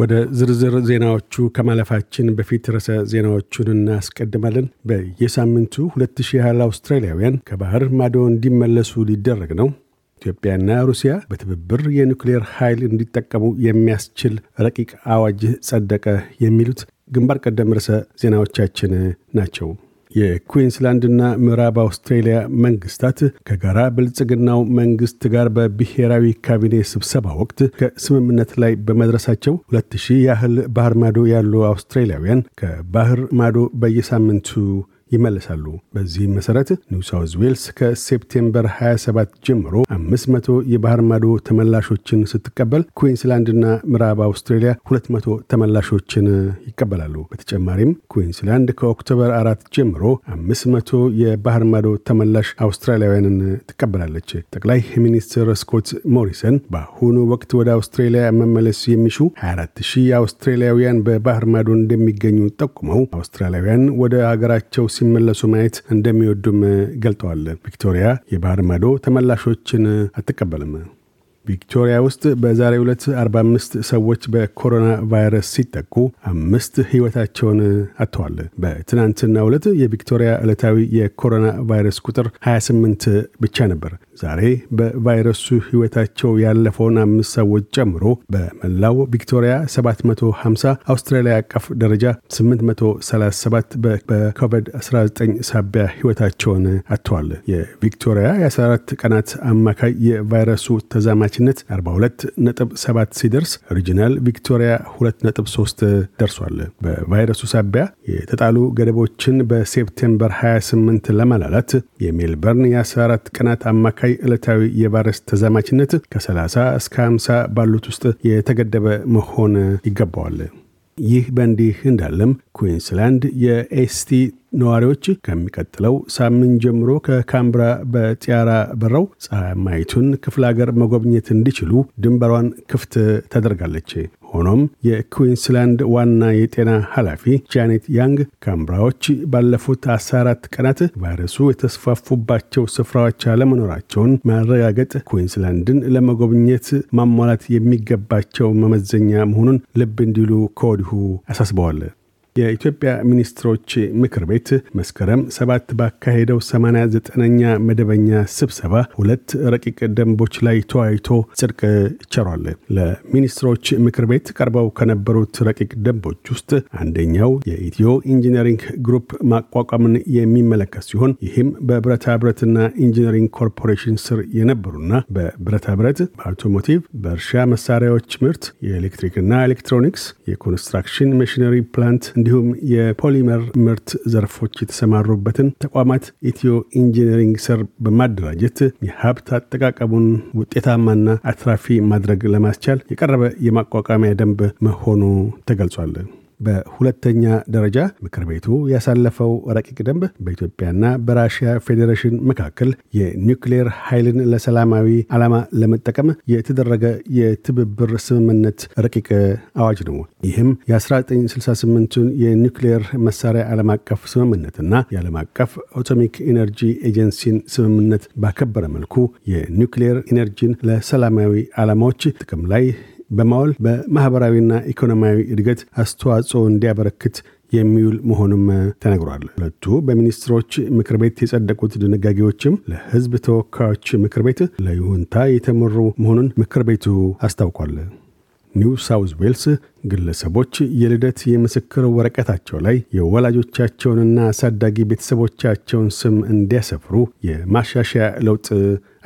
ወደ ዝርዝር ዜናዎቹ ከማለፋችን በፊት ርዕሰ ዜናዎቹን እናስቀድማለን። በየሳምንቱ 2020 አውስትራሊያውያን ከባህር ማዶ እንዲመለሱ ሊደረግ ነው። ኢትዮጵያና ሩሲያ በትብብር የኒክሌር ኃይል እንዲጠቀሙ የሚያስችል ረቂቅ አዋጅ ጸደቀ። የሚሉት ግንባር ቀደም ርዕሰ ዜናዎቻችን ናቸው። የኩዊንስላንድና ምዕራብ አውስትሬልያ መንግስታት ከጋራ ብልጽግናው መንግስት ጋር በብሔራዊ ካቢኔ ስብሰባ ወቅት ከስምምነት ላይ በመድረሳቸው ሁለት ሺህ ያህል ባህር ማዶ ያሉ አውስትሬልያውያን ከባህር ማዶ በየሳምንቱ ይመለሳሉ በዚህም መሠረት ኒውሳውዝ ዌልስ ከሴፕቴምበር 27 ጀምሮ 500 የባህር ማዶ ተመላሾችን ስትቀበል ኩዊንስላንድና ምዕራብ አውስትሬሊያ 200 ተመላሾችን ይቀበላሉ። በተጨማሪም ኩዊንስላንድ ከኦክቶበር 4 ጀምሮ 500 የባህር ማዶ ተመላሽ አውስትራሊያውያንን ትቀበላለች። ጠቅላይ ሚኒስትር ስኮት ሞሪሰን በአሁኑ ወቅት ወደ አውስትሬሊያ መመለስ የሚሹ 24000 አውስትራሊያውያን በባህር ማዶ እንደሚገኙ ጠቁመው አውስትራሊያውያን ወደ ሀገራቸው ሲመለሱ ማየት እንደሚወዱም ገልጠዋል። ቪክቶሪያ የባህር ማዶ ተመላሾችን አትቀበልም። ቪክቶሪያ ውስጥ በዛሬ ዕለት 45 ሰዎች በኮሮና ቫይረስ ሲጠቁ አምስት ሕይወታቸውን አጥተዋል። በትናንትና ዕለት የቪክቶሪያ ዕለታዊ የኮሮና ቫይረስ ቁጥር 28 ብቻ ነበር። ዛሬ በቫይረሱ ሕይወታቸው ያለፈውን አምስት ሰዎች ጨምሮ በመላው ቪክቶሪያ 750 አውስትራሊያ አቀፍ ደረጃ 837 በኮቪድ-19 ሳቢያ ሕይወታቸውን አጥተዋል። የቪክቶሪያ የ14 ቀናት አማካይ የቫይረሱ ተዛማችነት 42 ነጥብ 7 ሲደርስ ሪጂናል ቪክቶሪያ 2 ነጥብ 3 ደርሷል። በቫይረሱ ሳቢያ የተጣሉ ገደቦችን በሴፕቴምበር 28 ለማላላት የሜልበርን የ14 ቀናት አማካይ አማካይ ዕለታዊ የቫይረስ ተዛማችነት ከ30 እስከ 50 ባሉት ውስጥ የተገደበ መሆን ይገባዋል። ይህ በእንዲህ እንዳለም ኩዊንስላንድ የኤስቲ ነዋሪዎች ከሚቀጥለው ሳምንት ጀምሮ ከካምብራ በጢያራ በረው ፀሐያማይቱን ክፍለ አገር መጎብኘት እንዲችሉ ድንበሯን ክፍት ተደርጋለች። ሆኖም የኩዊንስላንድ ዋና የጤና ኃላፊ ጃኔት ያንግ ካምብራዎች ባለፉት 14 ቀናት ቫይረሱ የተስፋፉባቸው ስፍራዎች አለመኖራቸውን ማረጋገጥ ኩዊንስላንድን ለመጎብኘት ማሟላት የሚገባቸው መመዘኛ መሆኑን ልብ እንዲሉ ከወዲሁ አሳስበዋል። የኢትዮጵያ ሚኒስትሮች ምክር ቤት መስከረም ሰባት ባካሄደው 89ኛ መደበኛ ስብሰባ ሁለት ረቂቅ ደንቦች ላይ ተወያይቶ ጽድቅ ቸሯል ለሚኒስትሮች ምክር ቤት ቀርበው ከነበሩት ረቂቅ ደንቦች ውስጥ አንደኛው የኢትዮ ኢንጂነሪንግ ግሩፕ ማቋቋምን የሚመለከት ሲሆን ይህም በብረታ ብረትና ኢንጂነሪንግ ኮርፖሬሽን ስር የነበሩና በብረታ ብረት፣ በአውቶሞቲቭ፣ በእርሻ መሳሪያዎች ምርት፣ የኤሌክትሪክና ኤሌክትሮኒክስ፣ የኮንስትራክሽን መሽነሪ ፕላንት እንዲሁም የፖሊመር ምርት ዘርፎች የተሰማሩበትን ተቋማት ኢትዮ ኢንጂነሪንግ ስር በማደራጀት የሀብት አጠቃቀሙን ውጤታማና አትራፊ ማድረግ ለማስቻል የቀረበ የማቋቋሚያ ደንብ መሆኑ ተገልጿል። በሁለተኛ ደረጃ ምክር ቤቱ ያሳለፈው ረቂቅ ደንብ በኢትዮጵያና በራሽያ ፌዴሬሽን መካከል የኒውክሌር ኃይልን ለሰላማዊ ዓላማ ለመጠቀም የተደረገ የትብብር ስምምነት ረቂቅ አዋጅ ነው። ይህም የ 1968 ቱን የኒውክሌር መሳሪያ ዓለም አቀፍ ስምምነትና የዓለም አቀፍ አቶሚክ ኢነርጂ ኤጀንሲን ስምምነት ባከበረ መልኩ የኒውክሌር ኢነርጂን ለሰላማዊ ዓላማዎች ጥቅም ላይ በማወል በማህበራዊና ኢኮኖሚያዊ እድገት አስተዋጽኦ እንዲያበረክት የሚውል መሆኑም ተነግሯል። ሁለቱ በሚኒስትሮች ምክር ቤት የጸደቁት ድንጋጌዎችም ለህዝብ ተወካዮች ምክር ቤት ለይሁንታ የተመሩ መሆኑን ምክር ቤቱ አስታውቋል። ኒው ሳውዝ ዌልስ ግለሰቦች የልደት የምስክር ወረቀታቸው ላይ የወላጆቻቸውንና አሳዳጊ ቤተሰቦቻቸውን ስም እንዲያሰፍሩ የማሻሻያ ለውጥ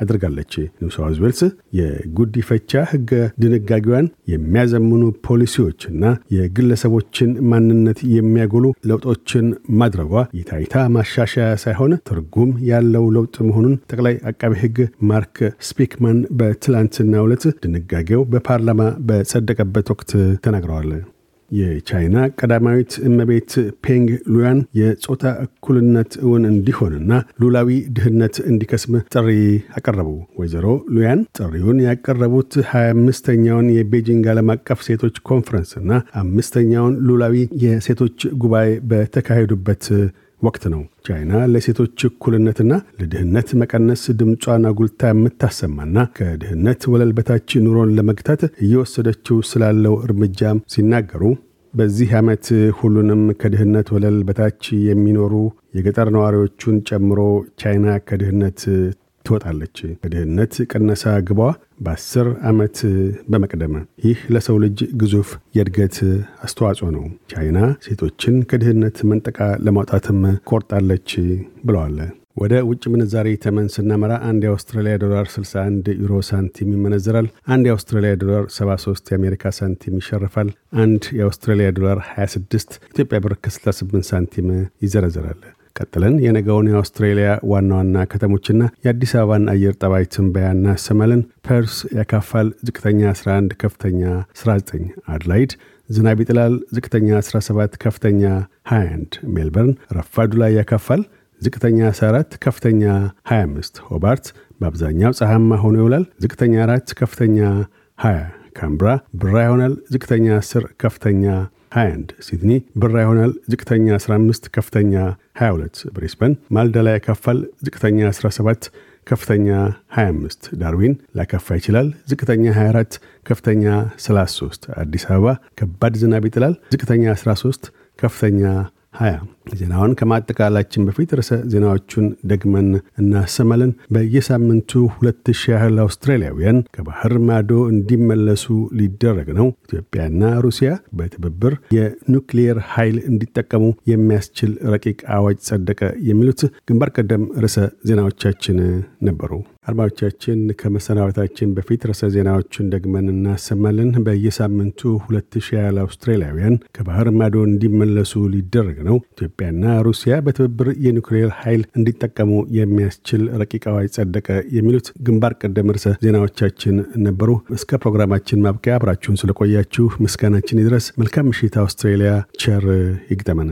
አድርጋለች። ኒው ዌልስ የጉዲፈቻ ህገ ድንጋጌዋን የሚያዘምኑ ፖሊሲዎችና የግለሰቦችን ማንነት የሚያጎሉ ለውጦችን ማድረጓ የታይታ ማሻሻያ ሳይሆን ትርጉም ያለው ለውጥ መሆኑን ጠቅላይ አቃቢ ህግ ማርክ ስፒክማን በትላንትና ዕለት ድንጋጌው በፓርላማ በጸደቀበት ወቅት ተናግረዋል። ተናግረዋል። የቻይና ቀዳማዊት እመቤት ፔንግ ሉያን የጾታ እኩልነት እውን እንዲሆንና ሉላዊ ድህነት እንዲከስም ጥሪ አቀረቡ። ወይዘሮ ሉያን ጥሪውን ያቀረቡት 25 ምስተኛውን የቤጂንግ ዓለም አቀፍ ሴቶች ኮንፈረንስና አምስተኛውን ሉላዊ የሴቶች ጉባኤ በተካሄዱበት ወቅት ነው። ቻይና ለሴቶች እኩልነትና ለድህነት መቀነስ ድምጿን አጉልታ የምታሰማና ከድህነት ወለል በታች ኑሮን ለመግታት እየወሰደችው ስላለው እርምጃም ሲናገሩ በዚህ ዓመት ሁሉንም ከድህነት ወለል በታች የሚኖሩ የገጠር ነዋሪዎቹን ጨምሮ ቻይና ከድህነት ትወጣለች። ከድህነት ቅነሳ ግቧ በአስር ዓመት በመቅደም ይህ ለሰው ልጅ ግዙፍ የእድገት አስተዋጽኦ ነው። ቻይና ሴቶችን ከድህነት መንጠቃ ለማውጣትም ቆርጣለች ብለዋል። ወደ ውጭ ምንዛሬ ተመን ስናመራ አንድ የአውስትራሊያ ዶላር 61 ዩሮ ሳንቲም ይመነዝራል። አንድ የአውስትራሊያ ዶላር 73 የአሜሪካ ሳንቲም ይሸርፋል። አንድ የአውስትራሊያ ዶላር 26 ኢትዮጵያ ብር ከ68 ሳንቲም ይዘረዘራል። ቀጥለን የነገውን የአውስትሬሊያ ዋና ዋና ከተሞችና የአዲስ አበባን አየር ጠባይ ትንበያ እናሰማለን። ፐርስ ያካፋል፣ ዝቅተኛ 11፣ ከፍተኛ 19። አድላይድ ዝናብ ይጥላል፣ ዝቅተኛ 17፣ ከፍተኛ 21። ሜልበርን ረፋዱ ላይ ያካፋል፣ ዝቅተኛ 14፣ ከፍተኛ 25። ሆባርት በአብዛኛው ፀሐማ ሆኖ ይውላል፣ ዝቅተኛ 4፣ ከፍተኛ 20። ካምብራ ብራ ይሆናል፣ ዝቅተኛ 10፣ ከፍተኛ 21 ሲድኒ ብራ ይሆናል። ዝቅተኛ 15 ከፍተኛ 22 ብሪስበን ማልዳ ላይ ያካፋል። ዝቅተኛ 17 ከፍተኛ 25 ዳርዊን ላካፋ ይችላል። ዝቅተኛ 24 ከፍተኛ 33 አዲስ አበባ ከባድ ዝናብ ይጥላል። ዝቅተኛ 13 ከፍተኛ 20 ዜናውን ከማጠቃላችን በፊት ርዕሰ ዜናዎቹን ደግመን እናሰማለን። በየሳምንቱ ሁለት ሺህ ያህል አውስትራሊያውያን ከባህር ማዶ እንዲመለሱ ሊደረግ ነው። ኢትዮጵያና ሩሲያ በትብብር የኑክሊየር ኃይል እንዲጠቀሙ የሚያስችል ረቂቅ አዋጅ ጸደቀ። የሚሉት ግንባር ቀደም ርዕሰ ዜናዎቻችን ነበሩ። አድማጮቻችን ከመሰናበታችን በፊት ርዕሰ ዜናዎቹን ደግመን እናሰማለን። በየሳምንቱ 2020 አውስትራሊያውያን ከባህር ማዶ እንዲመለሱ ሊደረግ ነው። ኢትዮጵያና ሩሲያ በትብብር የኒውክሌር ኃይል እንዲጠቀሙ የሚያስችል ረቂቃዋ ጸደቀ። የሚሉት ግንባር ቀደም ርዕሰ ዜናዎቻችን ነበሩ። እስከ ፕሮግራማችን ማብቂያ አብራችሁን ስለቆያችሁ ምስጋናችን ይድረስ። መልካም ምሽት። አውስትሬልያ ቸር ይግጠመን።